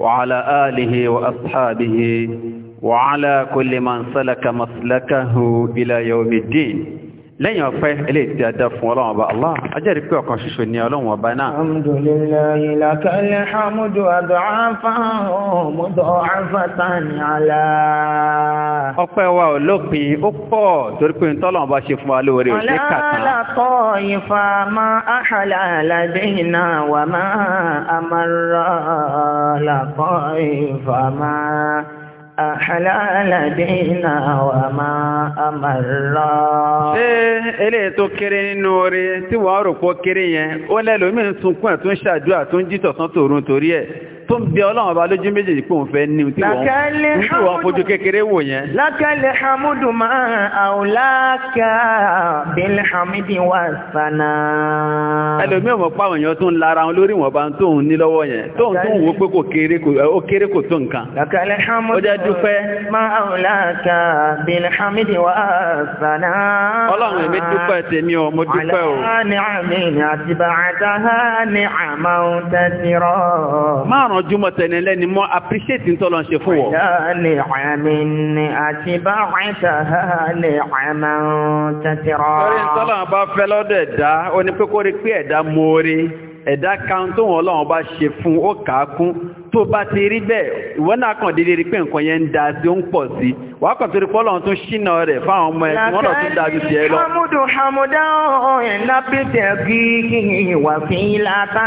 وعلى آله وأصحابه وعلى كل من سلك مسلكه إلى يوم الدين lẹ́yìn ọpẹ́ ilé tí a dá fún ọlọ́run ọba Allah ajẹ́rìí pé ọ̀kan ṣoṣo ni ọlọ́run ọba náà. alhamdulillahi lakal hamdu ad'afan mud'afatan ala. ọpẹ́ wa ò lópin ó pọ̀ torí pé ntọ́lọ́run ọba ṣe fún wa lóore òṣè kàtà. aláàlàkọ́ ìfà máa àhàlà àlàdéhìnà wà máa àmàrà àlàkọ́ ìfà àhàlàlà dínà wà máa àmàlà. ṣé eléyìí tó kéré nínú oore tí wọ́n rò pọ̀ kéré yẹn ó lẹ́lòmí ń sunkún ẹ̀ tó ń ṣàdúrà tó ń jí tọ̀sán tòrun torí ẹ̀ tó ń bẹ ọlọ́run ọba lójú méjèèjì pé òun fẹ́ ní tí wọ́n fojú kékeré wò yẹn. lákàlẹ̀ hamudu máa àwòláàkà bẹ́lẹ̀ hamidi wà sànà. ẹlòmíì mọ̀ pa èèyàn tó ń lara wọn lórí wọn bá ń tóun ní lọ́wọ́ yẹn tóun tó ń wo pé kò kéré kò tó nǹkan. lákàlẹ̀ hamudu dúpẹ́. Máa àwòláàkà bilhamidi wa sànà. Ọlọ́run èmi dúpẹ́ tèmi o, mo dúpẹ́ o. ni àmì àti bàtà ni àmà ń tẹ́sí rọ. Máa jùmọ̀ tẹ̀lé lẹ́ni mọ́ apíríṣẹ́tì tó ṣe fún wọ. ni àmì ni àti bàtà ni àmà ń tẹ́sí rọ. Sọ́rí tọ́lá bá fẹ́ lọ́dọ̀ ẹ̀dá, ó pé ẹ̀dá mórí, ẹ̀dá kan tó wọn Ọlọ́run bá ṣe fún ó kàákún tó bá ti rí bẹ́ẹ̀ ìwọ náà kàn dédé rí pé nǹkan yẹn ń da sí ó ń pọ̀ sí wàá kàn torí pọ́lọ̀ tún ṣínà rẹ̀ fáwọn ọmọ ẹ̀ wọ́n lọ tún dájú tiẹ̀ lọ. hamudu hamuda ẹ̀nà pété gígì wà fi lápá.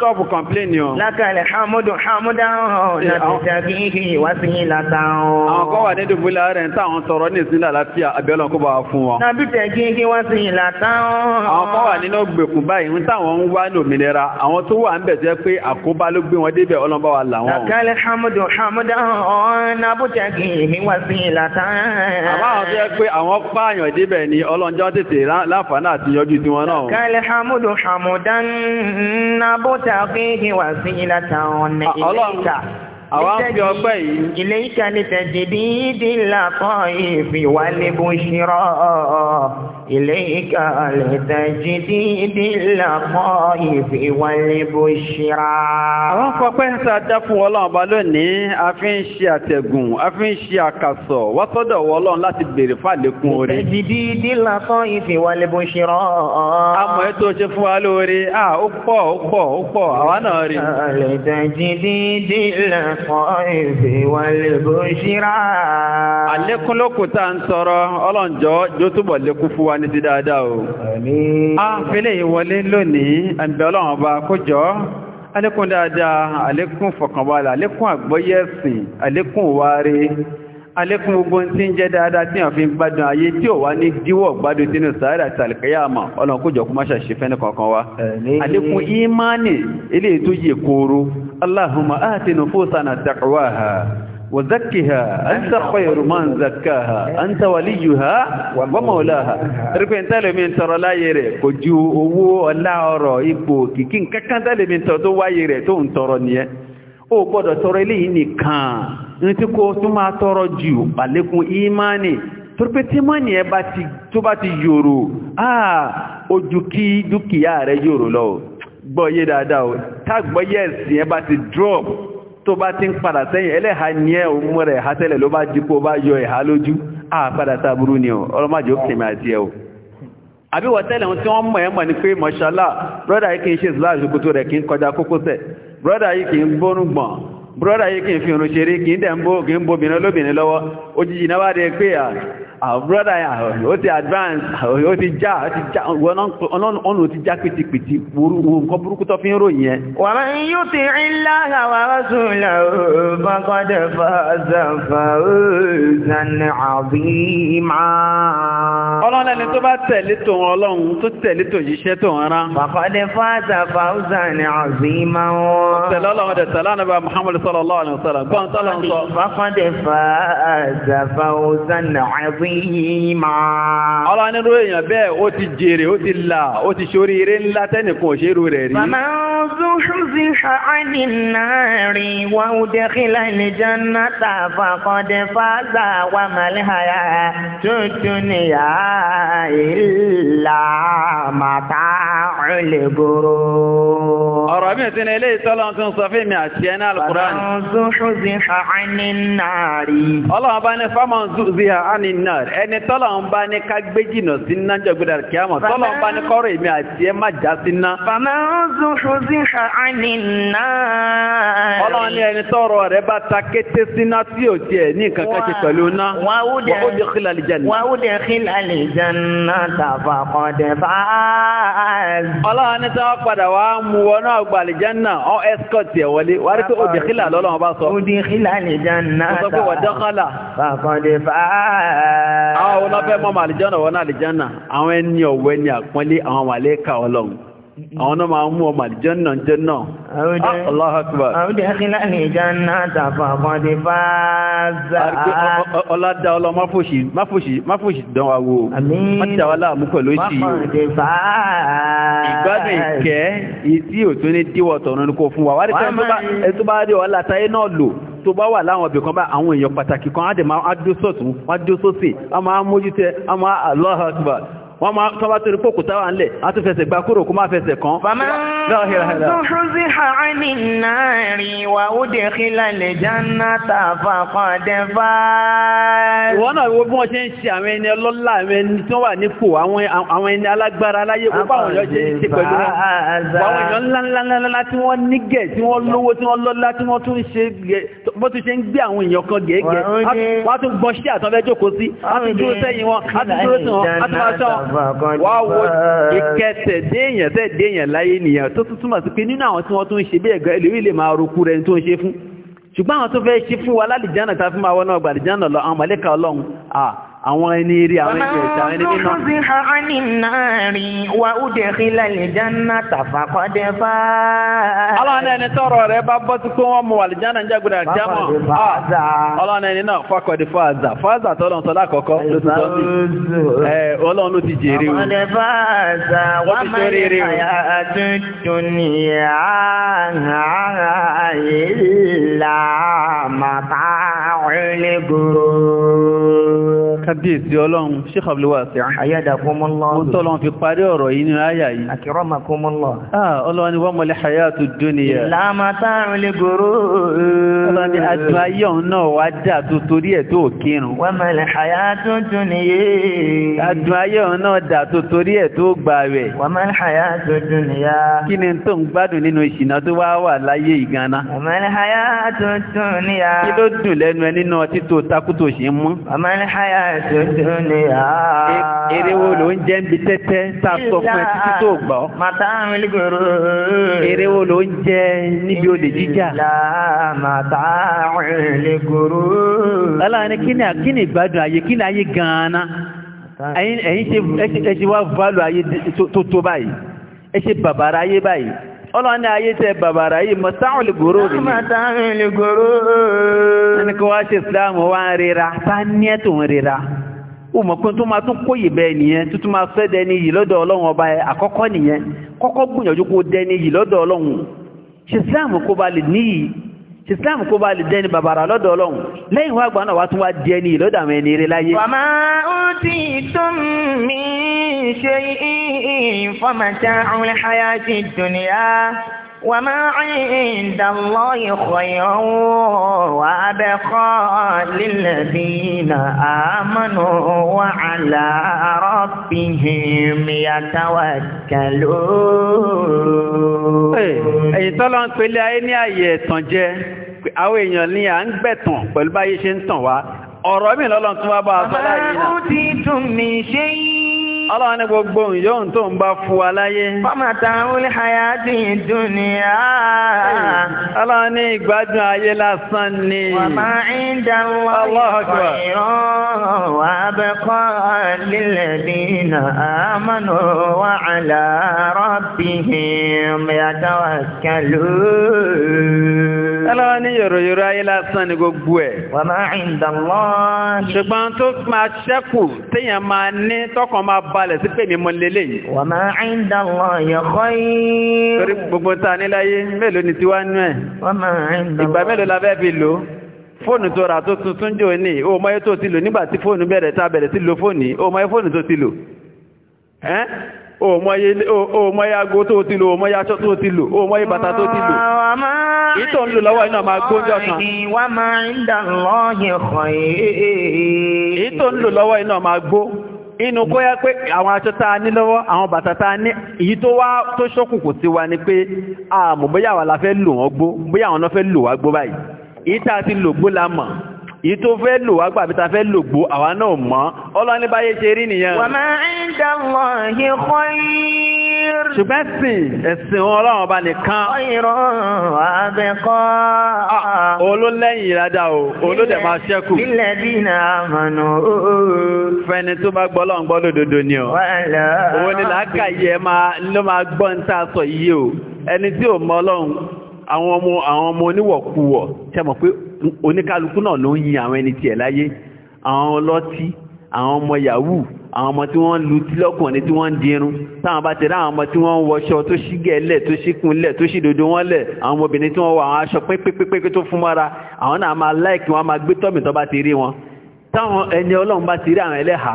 sọ́ọ̀bù kọ̀ǹpléènì o. lákàlẹ̀ hamudu hamuda ẹ̀nà pété gígì wà fi lápá. àwọn kan wà ní dùbúlẹ̀ rẹ̀ ń tà sọ̀rọ̀ ní ìsinmi àlàáfíà abẹ́lẹ̀ kó bá wa fún wọn. nàbìtẹ̀ gígì wà wà àkóbá ló gbé wọn débẹ̀ ọlọ́mbà wa làwọn. Àkálẹ̀ Hamdu Hamdu ọ̀nà Abújagì ní wasilatan. Àbá àwọn tó yẹ pé àwọn pààyàn débẹ̀ ni ọlọ́njọ́ tètè láǹfààní àti yọjú tí náà. Àkálẹ̀ Hamdu àwọn fi ọpẹ́ yìí. ilé ìkàlẹ̀ tẹ̀jì bí ìdílà kan ìfìwálé bó ṣe rọ̀ ilé ìkàlẹ̀ tẹ̀jì bí ìdílà kan ìfìwálé bó ṣe rà. àwọn fọpẹ́ sáadá fún ọlọ́run bá lónìí a fi ń ṣe àtẹ̀gùn a fi ń ṣe àkàsọ̀ wá sọ́dọ̀ ọlọ́run láti béèrè fàlékún orí. tẹ̀jì bí ìdílà kan ìfìwálé bó ṣe rọ̀. àmọ́ ètò ṣe fún wa lóore ó pọ̀ ó pọ̀ ó pọ̀ àwa náà rí. ilé ìkàlẹ̀ tẹ̀jì الخيف والبشرى àlékún lókù tá ń tọrọ ọlọ́njọ́ jó túbọ̀ lékún fún wa ní ti dáadáa o. a ń fi lè wọlé lónìí ẹ̀bẹ̀ ọlọ́run ọba kójọ́ àlékún dáadáa àlékún fọkànbalẹ̀ àlékún àgbọ́yẹ̀sìn àlékún wáre alékún gbogbo tí ń jẹ́ dáadáa tí wọ́n fi ń gbádùn ayé tí ò wá ní díwọ̀ gbádùn sínú sàárà tàlìkìyàmọ̀ ọlọ́kùnjọ kú máṣà ṣe fẹ́ni kankan wá alékún ìmánì ilé tó yẹ kóró Allahumma من زكاها أنت وليها ومولاها rikpe n tẹ́lẹ̀ mi tọrọ láyé rẹ̀ kò ju owó ọlá ọrọ̀ ipò kìkí kankan tẹ́lẹ̀ mi tọ́ tó wáyé rẹ̀ tó ń tọrọ ó gbọ́dọ̀ tọrọ eléyìí nìkan ní tí kò tún máa tọrọ jù àlékún ìmáni torípé tí mọ́ni ẹ tó bá ti yòrò àà ah, ojú kí dúkìá rẹ yòrò lọ gbọ́yé dáadáa tágbọ́yé ẹ̀sìn ẹ bá ti drop tó bá ti ń padà sẹ́yìn ẹlẹ́ha ní ẹ òmú rẹ̀ hátẹ́lẹ̀ ló bá jípo bá yọ ẹ̀há lójú àpadà sáàbúrú ni ọ ọlọ́májò kèmí àti ẹ̀ o àbí wọ́tẹ́lẹ̀ tí wọ́n mọ̀ ẹ́ mọ̀ ní pé mọ̀ṣálà brọ́dà yìí kì í ṣe ìsìláàjò kótó rẹ̀ kì í kọjá kókósẹ̀ brọ́dà yìí kì í gbónúgbọ̀n brọ́dà yìí kí n fi òun ṣeré kí n dẹ̀ ń bó kí n bóbìnrin lóbìnrin lọ́wọ́ òjijì náà wáde pé ah, ah, brọ́dà ah, ó ti advance ó ti já ọ̀nà ti já pìtìpìtì nǹkan burúkú tó fi ń ròyìn ẹ. wa man yuti'i Allaha wa rasulahu faqad faza صلى الله عليه وسلم فان صلى فقد فاز فوزا عظيما على ان رويا بي او عن النار وادخل الجنة فقد فاز وما الحياة الدنيا إلا متاع الغرور الله Ọlọ́run bá ní fámọ̀n zúzíhà ánì náà ẹni tọ́lọ̀ ń bá ní ká gbé jìnà sí ná jọgbẹ́dà kí á mọ̀ bá ní kọ́rọ̀ èmi àti ẹ má já sí ná. Ọlọ́run ní ẹni tọ́rọ rẹ̀ bá ta kété sí ná tí ò tiẹ̀ ní nǹkan kan ṣe pẹ̀lú ná. Wà ó dẹ̀ kí lálìjáná. Wà ó dẹ̀ kí lálìjáná tàfà kan dẹ̀ fà Ọlọ́run ní sọ́wọ́ padà wá mú wọnú àgbàlìjáná ọ́ ẹ́skọ̀tì ẹ̀wọlé wárí pé ó dẹ̀ kí Dọ́kọ́là lọ́lọ́wọ́ bá sọ. Odi kílà lè jẹ́nà ta. Sọ pé wà dọ́kọ́là. Fàkọ́dé fàá. Àwọn olọ́fẹ́ mọ́ màlìjọ́nà wọ́n náà lè Àwọn ẹni ọ̀wẹ́ ni àpọ́nlé àwọn màlẹ́kà ọlọ́run àwọn náà máa mú ọmọ àdìjẹ́nà jẹ́nà ah, Allahu Akbar àwùdí ẹ̀kílá ní ìjánà tàbà kan ti fàáza ọládá ọlọ máfòṣì máfòṣì máfòṣì dán wa wò mátìdáwálà mú pẹ̀lú ìṣì ìgbádùn ìkẹ́ ìtí òtún ní díwọ̀ tọ̀run ní kò fún wa wárí pẹ́ tó bá rí ọlá táyé náà lò tó bá wà láwọn ibìkan bá àwọn èèyàn pàtàkì kan á dẹ̀ máa dúsọ̀tún wá dúsọ̀sì a máa mójútẹ́ a máa Allahu Akbar wọ́n máa tọ́ bá torí kókò táwà ńlẹ̀ a tún fẹsẹ̀ gba kúrò kó máa fẹsẹ̀ kan. bàmá ṣùṣì tún ṣe ń gbé àwọn èèyàn kan gẹ̀ẹ́gẹ̀ẹ́ wọ́n tún gbọ́n ṣí àtọ́fẹ́ jókòó sí á tún dúró sẹ́yìn wọn á tún dúró sí wọn á tún máa ṣọ́ wá wo ìkẹsẹ̀ déèyàn tẹ́ déèyàn láyé nìyàn tó tún túmọ̀ sí pé nínú àwọn tí wọ́n tún ń ṣe bí ẹ̀gọ́ ẹlòmí lè máa roku rẹ̀ tó ń ṣe fún ṣùgbọ́n àwọn tó fẹ́ ṣe fún wa lálìjánà tá a fi máa wọ́n náà gbàlìjánà lọ àwọn mọ̀lẹ́kà ọlọ́run àwọn ẹni rí àwọn ẹni ẹ̀ta ẹni mímọ́. ọmọ ọdún ha á ní náàrí wa ó dẹ̀ kí lálẹ́ jáná tàfàkọ́dẹ́ fà. ọlọ́run ẹni tọrọ rẹ bá bọ́ tí kó wọ́n mú wà lìjánà ń jágbèrè àjámọ̀. Ah, ọlọ́run ẹni náà fàkọ́dẹ́ fàzà fàzà tọ́lọ́run tọ́lá àkọ́kọ́ ló ti eh, ló ti jèrè kábíyèsí ọlọ́run Sheikh Abdul Wasi ayadakumullah ó tọ́lọ́n fi parí ọ̀rọ̀ yìí nínú àyà yìí akramakumullah ah, ọlọ́run ni wọ́n mọ̀lẹ́ hayatu dunya lámàtàrún lè gòrò ọlọ́run ni adùn ayé ọ̀hún náà wá dà tó torí ẹ̀ tó kírun wọ́n mọ̀lẹ́ hayatu dunya adùn ayé ọ̀hún ni tó ń gbádùn nínú ìṣìnà wà láyé ìgana wọ́n kí ló dùn lẹ́nu ẹ nínú ọtí tó takú ṣe mú wọ́n mọ̀lẹ́ hayatu àti dúnìyà. E-, èrè wo ló ń jẹ́ ń bi tẹ́tẹ́ tá a sọ fún ẹ títí tó gbọ́? Màtá àwọn ìlúgbòrò. Èrè wo ló ń jẹ́ níbi olè jíjà? Ìlà màtá àwọn ìlúgbòrò. Aláàánú kí ni kí ni ìgbádùn ayé kí ni ayé gan-an? Ẹ̀yin ṣe wá value tó tó báyìí. Ẹ ṣe bàbára báyìí ọlọ́ni ayé tẹ bàbàrà yìí mọ̀sáhùn lè gòrò rẹ̀. mọ̀sáhùn lè gòrò. ẹni kí wá ṣe islam wá ń rira tá ní ẹ̀ tó ń rira ó mọ̀ pé tó máa tún kóyè bẹ́ẹ̀ nìyẹn tó tún máa fẹ́ dẹni yìí lọ́dọ̀ ọlọ́run ọba àkọ́kọ́ nìyẹn kọ́kọ́ gbìyànjú kó dẹni yìí lọ́dọ̀ ọlọ́run ṣe islam kó ba lè níyì islam kó bá lè dẹni bàbàrà lọ́dọ̀ ọlọ́run lẹ́yìn wá gbọ́nà wá tún wá di ẹni lọ́dọ̀ àwọn ẹni eré láyé. wàmà ó ti tún mi ṣe ìfọ̀mọ̀tà àwọn ẹ̀háyà ti وما عند الله خير وأبقى للذين آمنوا وعلى ربهم يتوكلون èyí tọ́lọ ń pèlé ayé ní ààyè ẹ̀tàn jẹ́ àwọn èèyàn ní à ń gbẹ̀tàn pẹ̀lú báyé ṣe ń tàn wá ọ̀rọ̀ mi lọ́lọ́ tún wá bá a sọ láyé náà Ọlọ́run ní gbogbo yóò tó ń bá fún wa láyé. Fọ́màtà orí hayati dunya. Ọlọ́run ní ìgbádùn ayé lásán ni. Wa ma inda Allahi khayrun wa abqa lilladhina amanu wa ala rabbihim yatawakkalun ẹlọ́wọ́ ní yòròyòrò ayé lásán ni gbogbo ẹ̀. wàlá ìdàlọ́. ṣùgbọ́n tó máa ṣẹ́kù téèyàn máa ní tọkàn máa balẹ̀ sí pé mi mọ lélẹ̀ yìí. wàlá ìdàlọ́ yẹ̀kọ́ yìí. torí gbogbo ta níláyé mélòó ni tiwa nú ẹ̀. wàlá ìdàlọ́. ìgbà mélòó la fẹ́ fi lò fóònù tó rà tó tuntun jò ní o mọ ayé tó ti lò nígbà tí fóònù bẹ̀rẹ̀ ta bẹ̀rẹ̀ sí lo fóònù o mọ ayé fóònù tó ti lò. ẹ́ òmọ́yé agó tó ti lò òmọ́yé aṣọ tó ti lò òmọ́yé bàtà tó ti lò ìtò ń lò lọ́wọ́ iná máa gbóúnjọ kan ìtò ń lò lọ́wọ́ iná máa gbó inú kó yá pé àwọn aṣọ tá a ní lọ́wọ́ àwọn bàtà tá a ní èyí tó wá tó ṣókùnkù sí wa ni pé àmọ́ bóyá àwa la fẹ́ lò wọ́n gbó bóyá àwọn náà fẹ́ lò wá gbó báyìí ìta ti lò gbó la mọ̀ yìí tó fẹ́ lò wá gbà fẹ́ lò gbó àwa náà mọ̀ ọlọ́run ní báyé ṣe rí nìyẹn. wà máa ń dá wọn ṣe kọ́ yìí. ṣùgbọ́n sìn ẹ̀sìn ọlọ́run ọba nìkan. ọ̀yìnrún abẹ́kọ́. olólẹ́yìn ìrádá o olódẹ̀ máa ṣẹ́kù. ilẹ̀ dínà àmọ̀nà ooo. fẹ́ni tó bá gbọ́ ọlọ́run gbọ́ lódodo ni o. owó ni làákàyè ló máa gbọ́ ń tà sọ yìí o ẹni tí ò mọ ọlọ́run àwọn ọmọ oníwọ̀kuwọ̀ ṣe mọ̀ pé oníkálukú náà ló ń yin àwọn ẹni tiẹ̀ láyé àwọn ọlọ́tí àwọn ọmọ yahoo àwọn ọmọ tí wọ́n ń lu tílọ́kùnrin tí wọ́n ń dirun táwọn bá ti rí àwọn ọmọ tí wọ́n ń wọṣọ tó ṣí gẹ̀ẹ́lẹ̀ tó ṣí kunlẹ̀ tó ṣí dodo wọn lẹ̀ àwọn ọmọbìnrin tí wọ́n wọ àwọn aṣọ pínpínpínpín tó fún mọ́ra àwọn náà máa láìkì wọn máa gbé tọ́mì tó bá ti rí wọn táwọn ẹni ọlọ́run bá ti rí àwọn ẹlẹ́hàá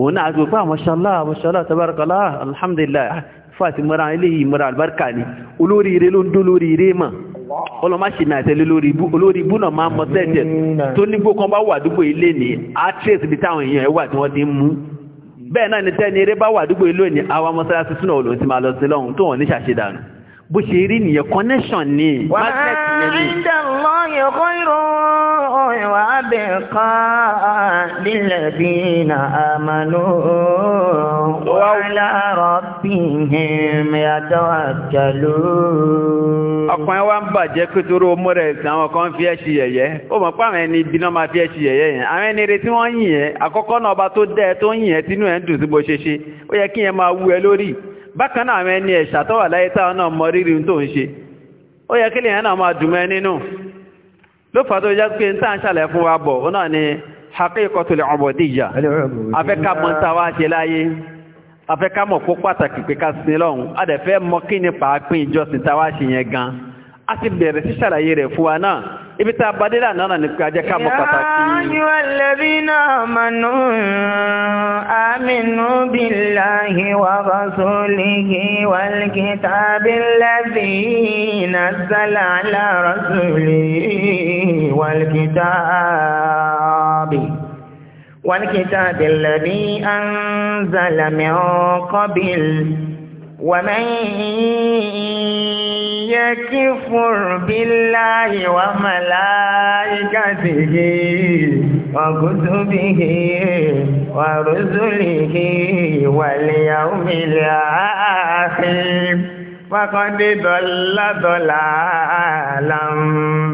òun náà gbogbo àwọn ah, mashallah mashallah tabarakallah alhamdulillah fún àti mọ́ra eléyìí mọ́ra albarka ni ọlọ́mọ ṣèmi àtẹ́lẹ́ olórí ibú olórí ibú náà máa mọ sẹ́ẹ̀tẹ̀ tó nígbó kan bá wà dúgbò ilé ní atrace bí táwọn èèyàn ẹ̀ wà tí wọ́n ti mú bẹ́ẹ̀ náà ni tẹ́ni eré bá wà dúgbò ilé ní àwọn mọ́sálásí súnà olóhùn ti máa lọ sí lọ́hùn tó wọ́n ní ṣàṣedànù bó ṣe rí nìyẹn connection ni. wàá ń dà lọ́yẹ̀ kọ́ ìrọ̀ وأبقى للذين آمنوا وعلى ربهم يتوكلون ọkùnrin wa ń bàjẹ́ kó tó ró mú rẹ̀ sí àwọn kan fi ẹ̀ṣì yẹ̀yẹ́ ó mọ̀ pé àwọn ẹni ibi náà máa fi ẹ̀ṣì yẹ̀yẹ́ yẹn àwọn ẹni retí wọ́n yìn ẹ́ àkọ́kọ́ náà ọba tó dẹ́ ẹ tó yìn ẹ́ tínú ẹ̀ ń dùn sí bó ṣe ṣe ó yẹ kí yẹn máa wú ẹ lórí bákan náà àwọn ẹni ẹ̀ṣà tó wà láyé táwọn náà mọ rírì tó ń ṣe ó yẹ kí lè yẹn náà máa dùn mọ́ ẹ nínú ló fà tó jẹ́ pé ń tàn ṣàlẹ̀ fún wa bọ̀ ó náà ni haqiqatul ubudiyya afẹ́kàmọ́ tàwa ṣe láyé afẹ́kàmọ́ kó pàtàkì pé ká sin lọ́hun adẹ̀fẹ́ mọ́ kí ni pàápín ìjọsìn tàwa ṣe yẹn gan a ti bẹ̀rẹ̀ sí ṣàlàyé rẹ̀ fún wa náà ibi tá a lánàá ni pé ajẹ́ káàmù pàtàkì. والكتاب والكتاب الذي أنزل من قبل ومن يكفر بالله وملائكته وكتبه ورسله واليوم الآخر فقد ضل ضلالا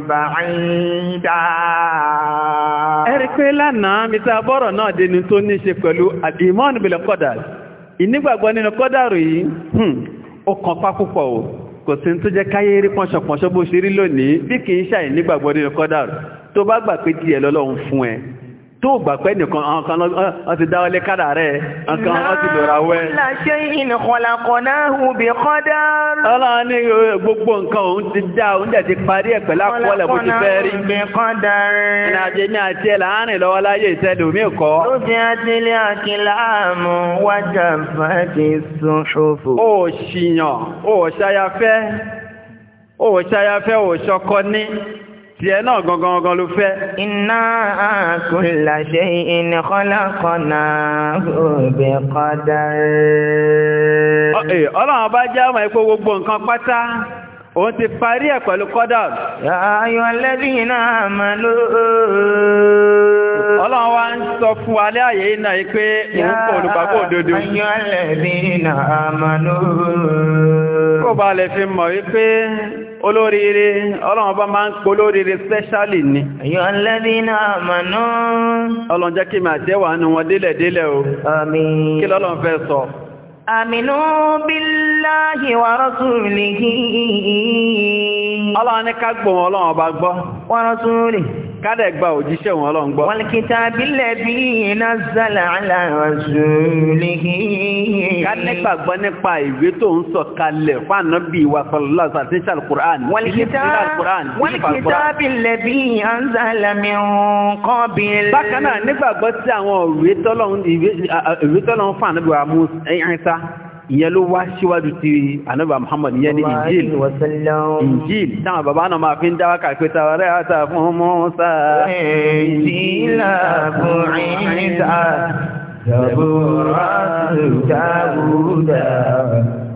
بعيدا ẹ̀rí pé lánàá mi tá bọ́rọ̀ náà dénú tó ní ṣe pẹ̀lú ìmọ́nù bílẹ̀ kọ́dà ìnígbàgbọ́ nínú kọ́dàrù yìí hmm, ó kàn pa púpọ̀ o kò sí tó jẹ́ káyé rí pọ́nṣọpọ́nṣọ́ bó ṣe rí lónìí bí kì í ṣàì nígbàgbọ́ nínú kọ́dàrù tó bá gbà pé díẹ̀ tó gbà pé nìkan ọ̀kan wọ́n ti dáwọlé kádà rẹ̀ ọ̀kan wọ́n ti lòrà wẹ́. la shay'in khalaqnahu bi qadar. ọlọ́run ní gbogbo nǹkan òun ti dá òun dẹ̀ ti parí ẹ̀ pẹ̀lú àkọọ́lẹ̀ bó ti fẹ́ rí. bi qadar. ìrìnàjò ní àti ẹ̀ láàrin lọ́wọ́ láyé ìtẹ́lẹ̀ omi kọ́. ó ti àtìlẹ́ àkìláàmù wájà fàájì sùn ṣòfò. ó ṣìyàn ó ṣayafẹ́ ó ṣayafẹ́ ó ṣọkọ ní tí ẹ náà gangan gangan ló fẹ́. Inna kulla shay'in khalaqnahu bi qadar. Eh, Ọlọ́run bá jẹ́ ọmọ ẹ̀kọ́ gbogbo nǹkan pátá. òun ti parí ẹ̀ pẹ̀lú kọ́dà. náà ọlọ́run wa ń sọ fún alẹ́ àyè iná yìí pé náà lè fi mọ̀ wípé olóríire ọlọ́run bá máa ń olóríire ni. náà ọlọ́run o. kí lọ́lọ́run fẹ́ sọ. Àmìnú billahi wa rasulihi. Ọlọ́run ní ká gbọ́ ọlọ́run ọba gbọ́. Wa rasulihi kádẹ̀ gba òjíṣẹ́ wọn lọ́n gbọ́. wal kitabil ladhi nazzala ala rasulihi. kádẹ̀ gbàgbọ́ nípa ìwé tó ń sọ kalẹ̀ fún ànábì wa sallallahu alaihi wa sallam tí ń ṣàlù Qur'an. wal kitabil ladhi anzala min qabil. bákan náà nígbàgbọ́ sí àwọn ìwé tọ́lọ́ ìyẹn ló wá síwájú ti ànábà muhammad ìyẹn ni injil injil náà bàbá náà máa fi ń dáwà kàkiri tàwárẹ́ àtà fún mọ́sá ìjìlá fún ìrìnta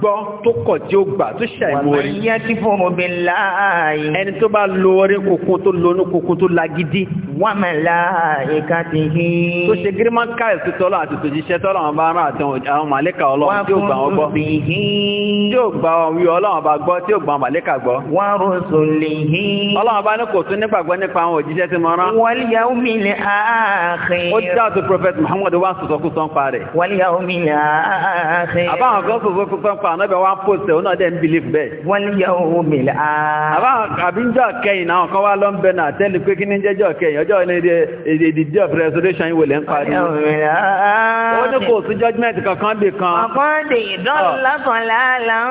gbọ́ tó kọ̀ tí ó gbà tó ṣàìmórí. wàmọ̀ yẹ́ ti fún omi láàyè. ẹni tó bá lo orí kòkó tó lonú kòkó tó lagidi. wàmọ̀ láàyè ká ti hí. tó ṣe gírímọ̀ káyọ̀ tó tọ́lọ̀ àti tòjíṣẹ́ tọ́lọ̀ àwọn bára àti àwọn màlẹ́kà ọlọ́run tí ó gbà wọn gbọ́. tí ó gbà wọn wí ọlọ́run bá gbọ́ tí ó gbà wọn màlẹ́kà gbọ́. wọ́n rusulihi. ọlọ́run bá ní kò kan anábẹ wa ń pòsẹ̀ ó náà dẹ̀ ń bìlì bẹ́ẹ̀. wọ́n lè yẹ ohun mi la. àbá àbíjọ́ kẹyìn náà kan wá lọ ń bẹ náà tẹ́lẹ̀ pé kí ní jẹ́jọ́ kẹyìn ọjọ́ ilé èdè day of restoration yìí wò lẹ́ ń parí. ó ní kò sí judgement kankan bì kan. ọ̀pọ̀dé ìdánlọ́kàn lálàá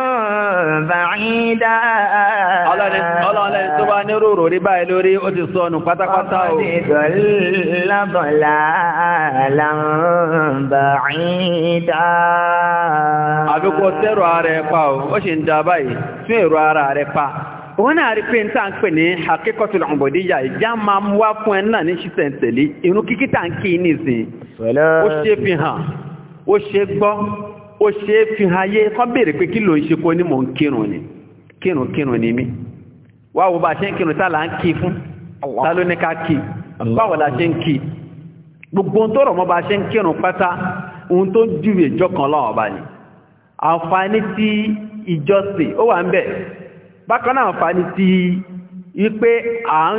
bá yín dá. ọlọ́run lẹ́yìn tó bá ní rúurú rí báyìí lórí ó ti sọnù pátápátá o. ọ̀pọ̀dé ìdánlọ́kàn lálàá bá yín dá. àbíkú tẹ́rù ara ẹ pa o ń ara rẹ pa òun pè ní ìjà máa mú fún ẹ náà ní kíkí tá fi hàn ó ṣe gbọ́ ó ṣe fi hàn ayé béèrè pé kí ló ní mò ń kírun ni kírun kírun ni mí wá wo bá ṣe ń kírun ń kí fún ní la ṣe ń kí gbogbo ohun tó ṣe ń kírun pátá ohun àǹfààní ti ìjọsìn ó wà ń bẹ̀ bákan àǹfààní ti wípé à ń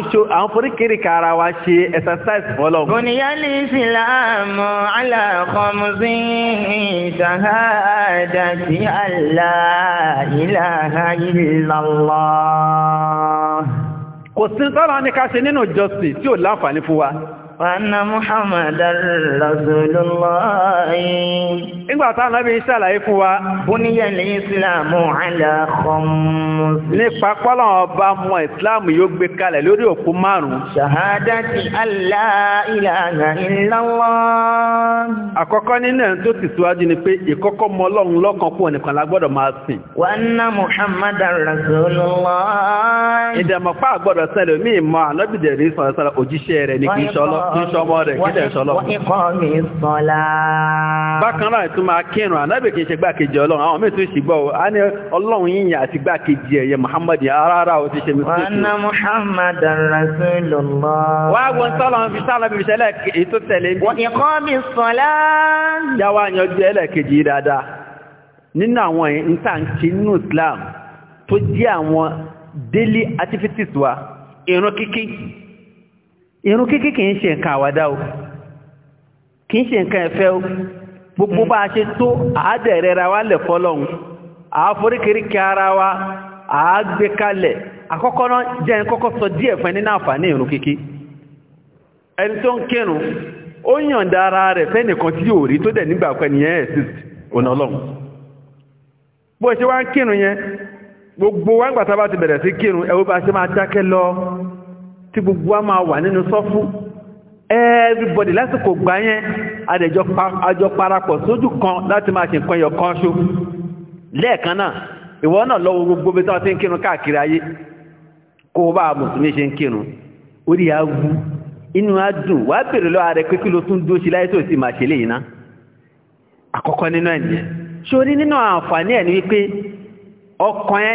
ara wa ṣe exercise fọlọ. bùnìyàlì ìsìláàmù aláàkọ́mùsí ṣàhádà sí àlá ìlàhà illallah. kò sí tọ́lá ní ká ṣe nínú ìjọsìn tí ò láǹfààní fún wa. wàhánà muhammad rasulullah. nígbà táwọn náà bí ń ṣàlàyé fún wa. bóníyà ní ìsìlámù aláàkọ́mùs. nípa pọ́lọ́ ọba mọ ìsìlámù yóò gbé kalẹ̀ lórí òkú márùn-ún. ṣahadati aláìláha ìlànà. àkọ́kọ́ nínú ẹ̀ tó ti síwájú ni pé ìkọ́kọ́ mọ ọlọ́run lọ́kàn kú ọ̀nìkan la gbọ́dọ̀ máa sìn. wàhánà muhammad rasulullah. ìdàmọ̀pá àgbọ̀dọ̀ sẹ́lẹ̀ mí ìmọ̀ ànábìdẹ̀rẹ̀ sọ̀rọ̀ sọ̀rọ̀ òjíṣẹ́ rẹ̀ ní kì í ṣọlọ́ kí sọmọ rẹ̀ kí dẹ̀ sọ lọ́wọ́. wọ́n kọ́ mi sọ́lá. bákan náà tún máa kírun ànábì kì í ṣe gbákejì ọlọ́run àwọn míì tún sì gbọ́ ọ á ní ọlọ́run yíyan àti gbákejì ẹ̀yẹ muhammad rárá o ti ṣe mi. wọ́n ná muhammad rasulullah. wá gbọ́n sọ́lọ́ fi sálọ bíbi sẹ́lẹ̀ ètò tẹ̀lé. wọ́n kọ́ mi sọ́lá. yàwá yanjú ẹlẹ́kejì dáadáa daily activities wa ìrun kíkí irun kíkí kìí ṣe nǹkan àwàdá o kìí ṣe nǹkan ẹ̀fẹ́ o gbogbo bá a ṣe tó àádẹ̀rẹ̀ ra wa lẹ̀ fọ́lọ́hun àáforíkèríkè ara wa àágbé kalẹ̀ àkọ́kọ́ náà jẹ́ kọ́kọ́ sọ díẹ̀ fún ẹni náà fàní irun kíkí ẹni tó ń kírun ó yànda ara rẹ̀ fẹ́nìkan tí yóò rí tó dẹ̀ nígbà pẹ́ nìyẹn exist ọ̀nà ọlọ́run bó ṣe wá gbogbo lọ tí gbogbo wa máa wà nínú sọ́fún everybody lásìkò gbà yẹn àjọ parapọ̀ sójú kan láti máa ṣe nǹkan ẹyọ kan ṣo lẹ́ẹ̀kan náà ìwọ náà lọ́wọ́ gbogbo bí wọ́n ti ń kírun káàkiri ayé kó o bá mùsùlùmí ṣe ń kírun orí á wú inú á dùn wàá bèrè lọ́wọ́ rẹ pé kí ló tún dúró sí láyé tó sì máa ṣe léyìn náà àkọ́kọ́ nínú ẹ̀ nìyẹn sórí nínú àǹfààní ẹ̀ ni wípé ọkàn ẹ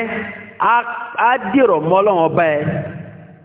á dèrò mọ́ ọlọ́run ọba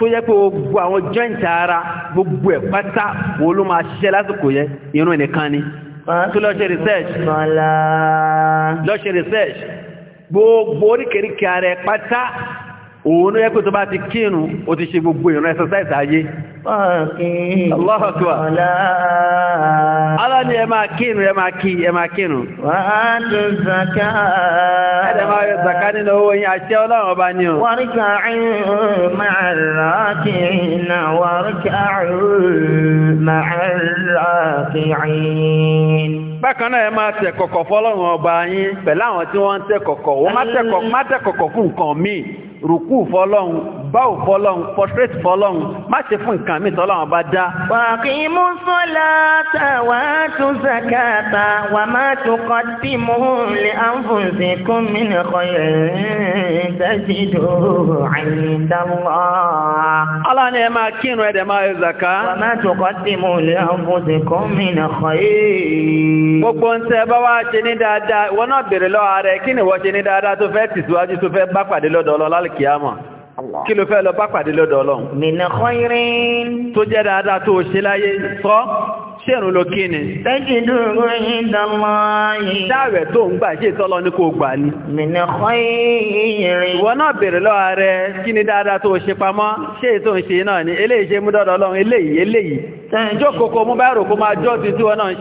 tó yẹ pé gbogbo àwọn joint ara gbogbo ẹ̀ pátá wo ló máa ṣiṣẹ́ lásìkò yẹ irun nìkan ni tó lọ ṣe research lọ ṣe research gbogbo oríkèríkè ara ẹ̀ pátá òun yẹ pé tó bá ti kírun o ti ṣe gbogbo ìran exercise ayé Allahu Akbar aláni ẹ máa kírun ẹ máa kí ẹ máa kírun ẹ̀dẹ̀ máa yọ zaka nínú owó yín àṣẹ ọlọ́run ọba ní o wàríkà ma'arraki'ina wàríkà ẹ máa tẹ̀ kọ̀kọ̀ fọ́lọ́run ọba yín pẹ̀lú àwọn tí wọ́n ń tẹ̀ kọ̀kọ̀ wọ́n má tẹ̀ kọ̀kọ̀ fún nǹkan míì rùkú fọ́lọ́hun báwò fọ́lọ́hun portrait fọ́lọ́hun má ṣe fún nǹkan mi tọ́lọ́hun bá dá. wàkímú sọ́lá tàwa tó zakata wà má tó kọ́ tí mò ń lè àǹfọ̀nsì kún mi nìkan yẹn tẹ́sídò àyíndàlọ́. aláàánú ẹ máa kírun ẹ̀ dẹ̀ máa yọ zaka. wà má tó kọ́ tí mò ń lè àǹfọ̀nsì kún mi nìkan yẹn. gbogbo ń tẹ bá wá ṣe ẹ kíyàmà kí ló fẹ́ lọ bá pàdé lọ́dọ̀ ọlọ́run. min khairin. tó jẹ́ dáadáa tó ṣe láyé sọ. ṣẹ̀rùn ló kí ni. tẹ́jì dúró ìdánmọ́ yìí. dáwẹ̀ tó ń gbà ṣe tọ́lọ ní kò gbà ní. mìnà kọ́ náà bèrè lọ́wọ́ rẹ kí dáadáa tó ṣe pamọ́ ṣé náà ni eléyìí ṣe mú dọ́dọ̀ ọlọ́run eléyìí eléyìí. mú báyìí máa jọ́ ń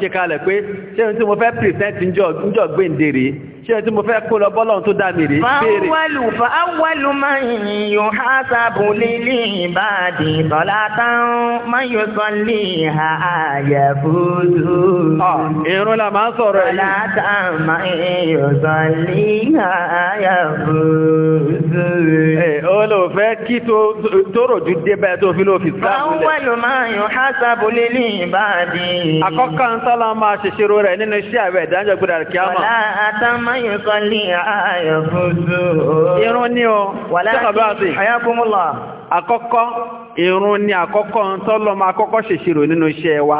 ṣe kalẹ̀ pé ṣé ohun tí mo fẹ́ tí mo fẹ́ kó lọ tó rí. fáwọlù fáwọlù lílì tàkúdù. Ìrún ah, la máa ń sọ̀rọ̀ yìí. Aláta máa yọ̀sán lé àyà fúdù. Ó lò fẹ́ kí tóró ju dé bẹ́ẹ̀ tó fi ló fi sáà múlẹ̀. Àwọn wẹ̀lú máa yọ hásábò lé ní ìbáàdì. Àkọ́kọ́ ń sọ́lá máa ṣèṣirò rẹ̀ nínú iṣẹ́ àwẹ̀ ìdájọ́ gbọdọ̀ kí á mọ̀. Aláta máa yọ̀sán lé àyà fúdù. Ìrún ni o. Wàlá kí àyàfúnmúlà. Àkọ́kọ́, ìrún ni àkọ́kọ́ ń tọ́lọ́mọ akọ́kọ́ ṣèṣirò nínú iṣẹ́ wa.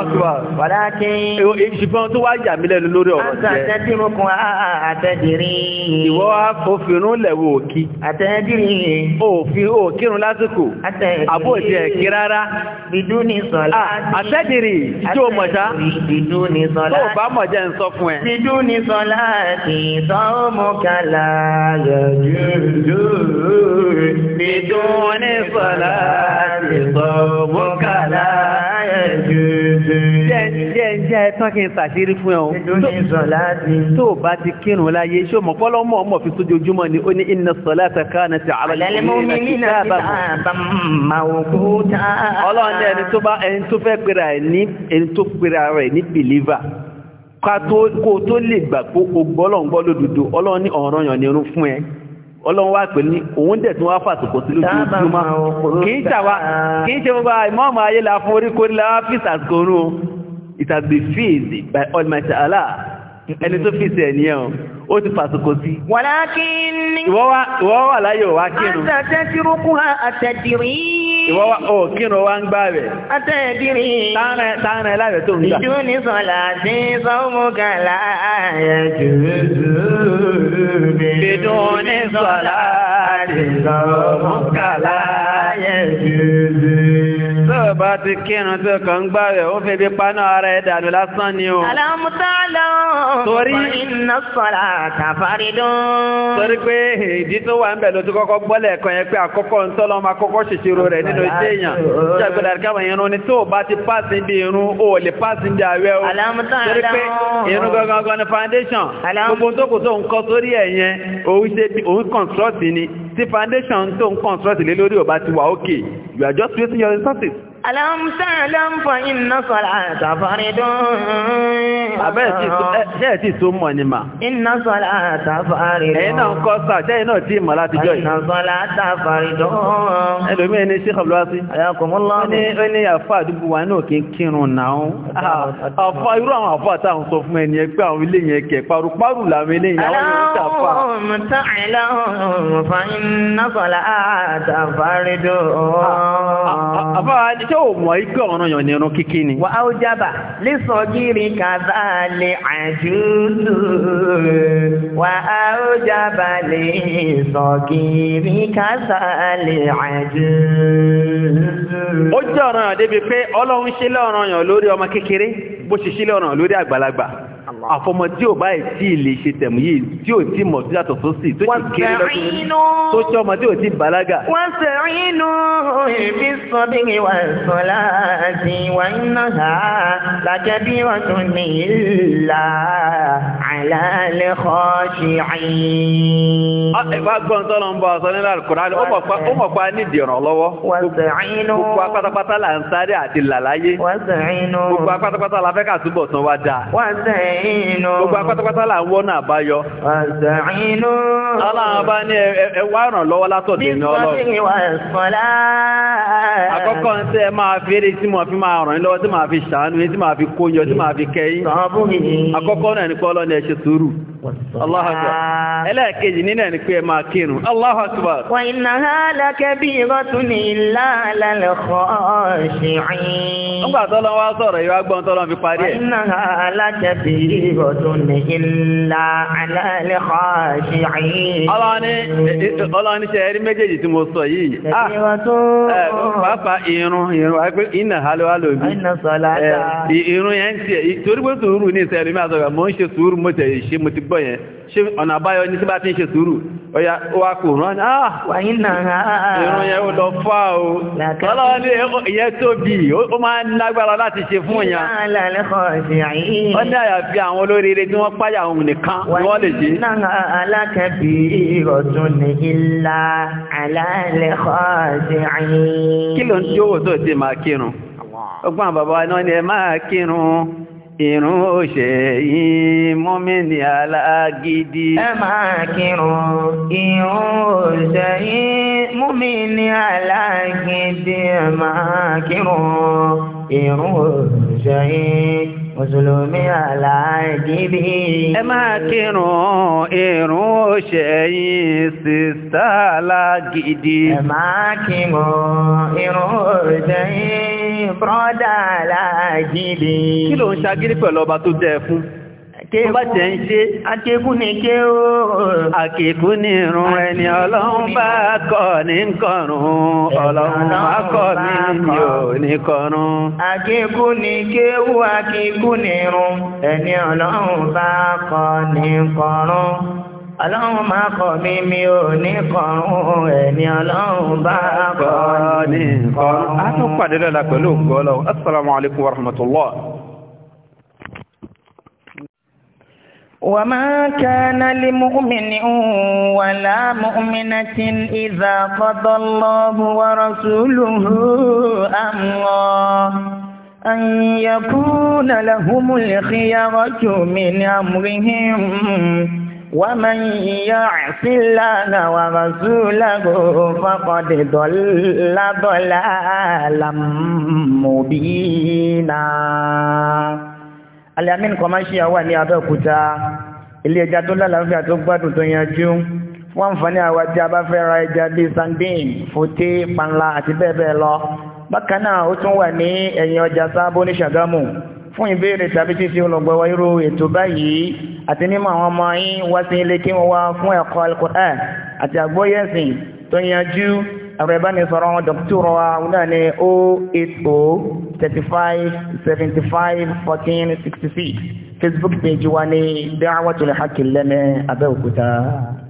Ìṣùgbọ́n tó wá yà mí lẹ́nu lórí ọ̀rọ̀ jẹ́. Àtẹ̀dìrí mokùn àtẹ̀dìrí. Ìwọ́ òfinrún lẹ̀wọ̀ òkí. Àtẹ̀dìrí. Òfin òkírun lásìkò. Àtẹ̀dìrí. Àbò ìjẹ̀ kí rárá. Bìdú ni sọ̀lá. Àtẹ̀dìrí ah, tí ó mọ̀já. Bìdú ni sọ̀lá. Tó bá mọ̀jẹ́ ń sọ fún ẹ. Bìdú ni sọ̀lá ti sọ mú kálá yẹ̀jú. Bìdú ni sọ̀lá ti sọ mú kálá. Jẹ́ ẹ̀tán kí n sàṣírí fún ẹ̀hùn. Tó bá ti kírun láyé, ṣó mọ̀ pọ́lọ́ ọmọ fi sójoojúmọ́ ni ó ní inna salata kanat ala al-mu'minina kitaban mawquta. Ọlọ́run ní ẹni tó bá ẹni tó fẹ́ pèrà ní ẹni tó pèrà rẹ̀ ní bìlíva. Kó lè gbà pé o gbọ́ Ọlọ́run gbọ́ lódodo, ni irun fún ẹ ọlọ́run wá pè òun dẹ̀ tí wọ́n fàtùkò sí lójoojúmọ́ kì í ṣàwá ṣe gbogbo ìmọ́ọ̀mọ̀ ayé la fún oríkórí la fi it has been fixed by Almighty Allah ẹni tó fi ṣe ẹ̀nìyàn o ó ti fàtùkò sí. wọ́lá kí wà láyé òwá ó kírun wá ń gbá rẹ̀. àtẹ̀dìrí. láàrẹ̀ tó ń gbà. بدون صلاة قومك لا يجوز tó bá ti kírun tó kàn ń gbá rẹ̀ ó fi bí paná ara ẹ̀ dànù lásán ni o. alámútálọ́ torí iná sọ̀rọ̀ àtàfárí dán. torí pé ìdí tó wà ń bẹ̀ ló ti kọ́kọ́ gbọ́lẹ̀ kan yẹn pé àkọ́kọ́ ń tọ́lọ́ máa kọ́kọ́ ṣèṣirò rẹ̀ nínú iṣẹ́ èèyàn. ṣàgbéda káwọn irun ni tó bá ti pàṣẹ bí irun o lè pàṣẹ bí àwẹ̀ o. alámútálọ́ torí pé irun gangan ni. The foundation tó ń construct lé lórí ò ti wà okay you are just wasting your resources Alam ta'lam fa inna salata faridun. Àbẹ́ ẹ̀ tí ṣe ẹ̀ tí tó mọ̀ ni mà. Inna salata faridun. Ẹ̀yin náà ń kọ́ sà, ṣẹ́yìn náà tí mọ̀ láti jọ yìí. Inna salata faridun. Ẹlòmí ẹni ṣé kàbùlọ́ sí. Ayakumullah. Ó ní ó ní àfọ́ àdúgbò wa náà kì í kírun náà. Ah, àfọ́ irú àwọn àfọ́ àtàwọn sọ fún ẹni ẹgbẹ́ àwọn ilé yẹn kẹ̀ paru-paru làwọn ilé yẹn àwọn yóò ṣàfà. Alam ta'lam fa inna salata faridun. Àbá wa ní ṣé ò mọ̀ ikú ọ̀run yàn ní irun kíkí ni. wà á ó jábà lè gírí kàdá lè àjùlù wà á ó jábà lè gírí kàdá lè àjùlù. ó jẹ́ débi pé ọlọ́run ṣílẹ̀ lórí ọmọ kékeré bó ṣe ṣílẹ̀ lórí àgbàlagbà. àfọmọ tí ò báyìí tí lè ṣe tẹ̀mù yìí tí ò tí mọ̀ sí àtọ̀ tó sì tó ti kéré lọ́dún tó ṣe ọmọ tí ò tí bàlágà. wọ́n ṣe inú ìbí sọ́bìrì wà sọ́lá àti wà iná ha lájẹ́ bí wọ́n tún ní ìlà àlàálẹ̀ kọ́ ṣe àyìn. ẹ̀fà gbọ́n tọ́lọ ń bọ̀ ọ̀sán nílá Al-Kùránì ó mọ̀ pa nídìí ìrànlọ́wọ́ gbogbo apátápátá là ń sáré àti làláyé gbogbo apátápátá la fẹ́ kà túbọ̀ tán wá dáa. wọ́n ṣe sàárínú. Gbogbo apátápátá là ń wọ́nà àbáyọ. Sàárínú. Aláwọ̀ bá ní ẹwà ìrànlọ́wọ́ látọ̀dọ̀ ní ọlọ́run. Bí sọ́sìn wà sọ́lá. Àkọ́kọ́ ń tẹ́ máa fi eré tí mo fi máa ràn yín lọ́wọ́, tí máa fi ṣàánú yín, tí máa fi kó yọ, tí máa fi kẹ́ yín. Àkọ́kọ́ náà ní kọ́ ọlọ́ni ẹ ṣe sùúrù. Allahu akbar. Ẹlẹ́ẹ̀kejì nínú ẹni pé ẹ máa kírun. Allahu akbar. Wa innaha lakabiratun illa 'alal khashi'in. Nígbà tọ́lọ́ wá sọ̀rọ̀ yóò gbọ́n tọ́lọ́ fi parí ẹ̀. Wa innaha lakabiratun illa 'alal khashi'in. Ọlọ́ni ṣe ẹrí méjèèjì tí mo sọ yìí. Ah, gbọ́ yẹn ṣe ọ̀nà àbáyọ ní síbá tí ń ṣe sùúrù ọya wá kò rán ní àà ah, náà ìrún yẹn ó lọ fà ó ní tóbi ó máa ń lágbára láti ṣe fún ìyàn ó tí ni ọgbọ́n bàbá náà ni ẹ máa kírun Ìrún òṣè yìí mú mi ní alágídí. Ẹ máa kírun. Ìrún òṣè yìí mú mi ní alágídí. Ẹ máa kírun. Ìrún òṣè yìí mùsùlùmí aláìgídí. ẹ máa kírun ìrun òṣèyìn sísá alágídí. ẹ máa kírun ìrun òṣèyìn bọ́dà láàjìlì. kí ló ń ṣagírí pẹ̀lú ọba tó dẹ́ fún tó bá tẹ̀ ń ṣe akékú ní ké o akékú ní irun ẹni ọlọ́run bá kọ̀ ní kọrùn ọlọ́run bá kọ̀ ní ò ní kọrùn akékú ní ké o akékú ní irun ẹni ọlọ́run bá kọ̀ ní kọrùn ọlọ́run máa kọ̀ mí mi ò ní kọrùn ẹni ọlọ́run bá kọ́ ní kọrùn. a tún pàdé lọ́la pẹ̀lú òkú ọlọ́run assalamu alaikum wa rahmatullah. وما كان لمؤمن ولا مؤمنة إذا قضى الله ورسوله أمرا أن يكون لهم الخيرة من أمرهم ومن يعص الله ورسوله فقد ضل ضلالا مبينا Al-Amin Commercial wà ní Abẹ́òkúta ilé ẹja tó lálàáfíà tó gbádùn tó yanjú fún àǹfààní àwọn ajá bá fẹ́ ra ẹja bíi sandin fòté panla àti bẹ́ẹ̀ bẹ́ẹ̀ lọ bákan náà ó tún wà ní ẹ̀yìn ọjà sábó fún ìbéèrè tàbí títí olùgbọ̀wọ́ irú ètò báyìí àti mímọ̀ àwọn ọmọ yín wá sí ilé kí wọ́n wá fún ẹ̀kọ́ Al-Qur'an àti àgbóyẹ̀sìn tó yanjú àwọn ìbánisọ̀rọ̀ dọ̀kítọ̀rọ̀ wa náà ní 080 Facebook page wa ní Da'watul Haqq Lẹ́mẹ̀ Abẹ́òkúta.